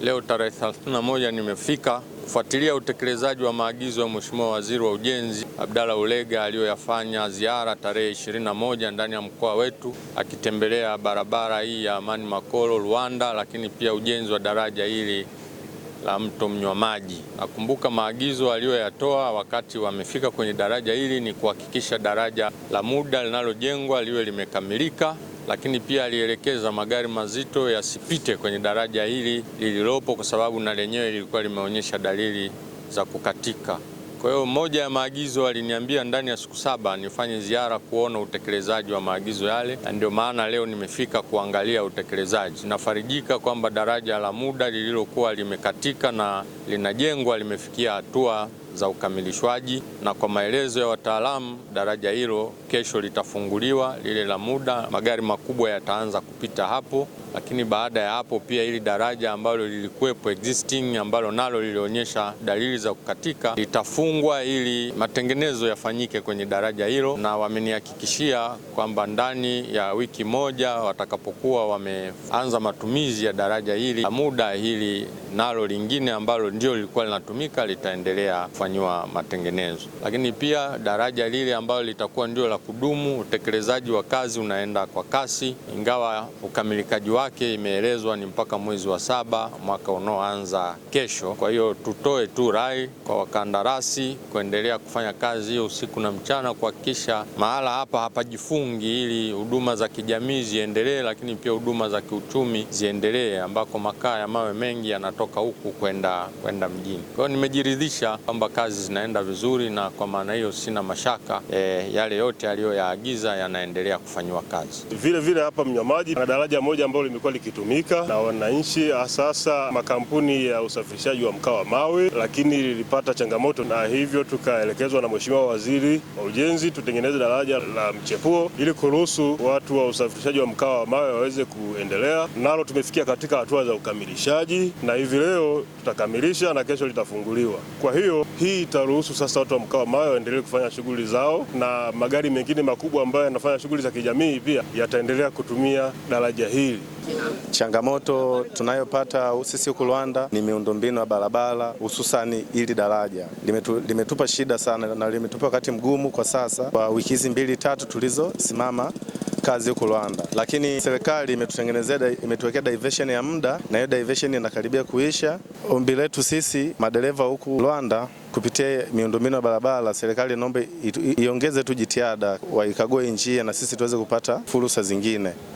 Leo tarehe 31 nimefika kufuatilia utekelezaji wa maagizo ya Mheshimiwa Waziri wa Ujenzi Abdalla Ulega aliyoyafanya ziara tarehe 21 ndani ya mkoa wetu akitembelea barabara hii ya Amani Makolo Rwanda, lakini pia ujenzi wa daraja hili la mto Mnywamaji. Nakumbuka maagizo aliyoyatoa wakati wamefika kwenye daraja hili ni kuhakikisha daraja la muda linalojengwa liwe limekamilika lakini pia alielekeza magari mazito yasipite kwenye daraja hili lililopo, kwa sababu na lenyewe lilikuwa limeonyesha dalili za kukatika. Kwa hiyo moja ya maagizo aliniambia ndani ya siku saba nifanye ziara kuona utekelezaji wa maagizo yale, na ndio maana leo nimefika kuangalia utekelezaji. Nafarijika kwamba daraja la muda lililokuwa limekatika na linajengwa limefikia hatua za ukamilishwaji, na kwa maelezo ya wataalamu, daraja hilo kesho litafunguliwa lile la muda, magari makubwa yataanza kupita hapo lakini baada ya hapo pia ili daraja ambalo lilikuwepo existing ambalo nalo lilionyesha dalili za kukatika litafungwa ili matengenezo yafanyike kwenye daraja hilo, na wamenihakikishia kwamba ndani ya wiki moja watakapokuwa wameanza matumizi ya daraja hili, muda hili nalo lingine ambalo ndio lilikuwa linatumika litaendelea kufanyiwa matengenezo. Lakini pia daraja lile ambalo litakuwa ndio la kudumu, utekelezaji wa kazi unaenda kwa kasi, ingawa ukamilikaji wake imeelezwa ni mpaka mwezi wa saba mwaka unaoanza kesho. Kwa hiyo tutoe tu rai kwa wakandarasi kuendelea kufanya kazi hiyo usiku na mchana, kuhakikisha mahala hapa hapajifungi, ili huduma za kijamii ziendelee, lakini pia huduma za kiuchumi ziendelee, ambako makaa ya mawe mengi yanatoka huku kwenda kwenda mjini. Kwa hiyo nimejiridhisha kwamba kazi zinaenda vizuri, na kwa maana hiyo sina mashaka e, yale yote aliyoyaagiza yanaendelea kufanyiwa kazi. Vile vile hapa Mnyamaji na daraja moja ambalo limekuwa likitumika na wananchi, sasa makampuni ya usafirishaji wa mkaa wa mawe, lakini lilipata changamoto, na hivyo tukaelekezwa na Mheshimiwa Waziri wa Ujenzi tutengeneze daraja la mchepuo ili kuruhusu watu wa usafirishaji wa mkaa wa mawe waweze kuendelea nalo. Tumefikia katika hatua za ukamilishaji, na hivi leo tutakamilisha na kesho litafunguliwa. Kwa hiyo hii itaruhusu sasa watu wa mkaa wa mawe waendelee kufanya shughuli zao, na magari mengine makubwa ambayo yanafanya shughuli za kijamii pia yataendelea kutumia daraja hili. Changamoto tunayopata sisi huku Rwanda ni miundombinu ya barabara, hususani ili daraja limetu, limetupa shida sana na limetupa wakati mgumu kwa sasa, kwa wiki hizi mbili tatu tulizosimama kazi huko Rwanda, lakini serikali imetutengenezea imetuwekea diversion ya muda, na hiyo diversion inakaribia kuisha. Ombi letu sisi madereva huku Rwanda kupitia miundombinu ya barabara, serikali inaomba iongeze tu jitihada, waikague njia na sisi tuweze kupata fursa zingine.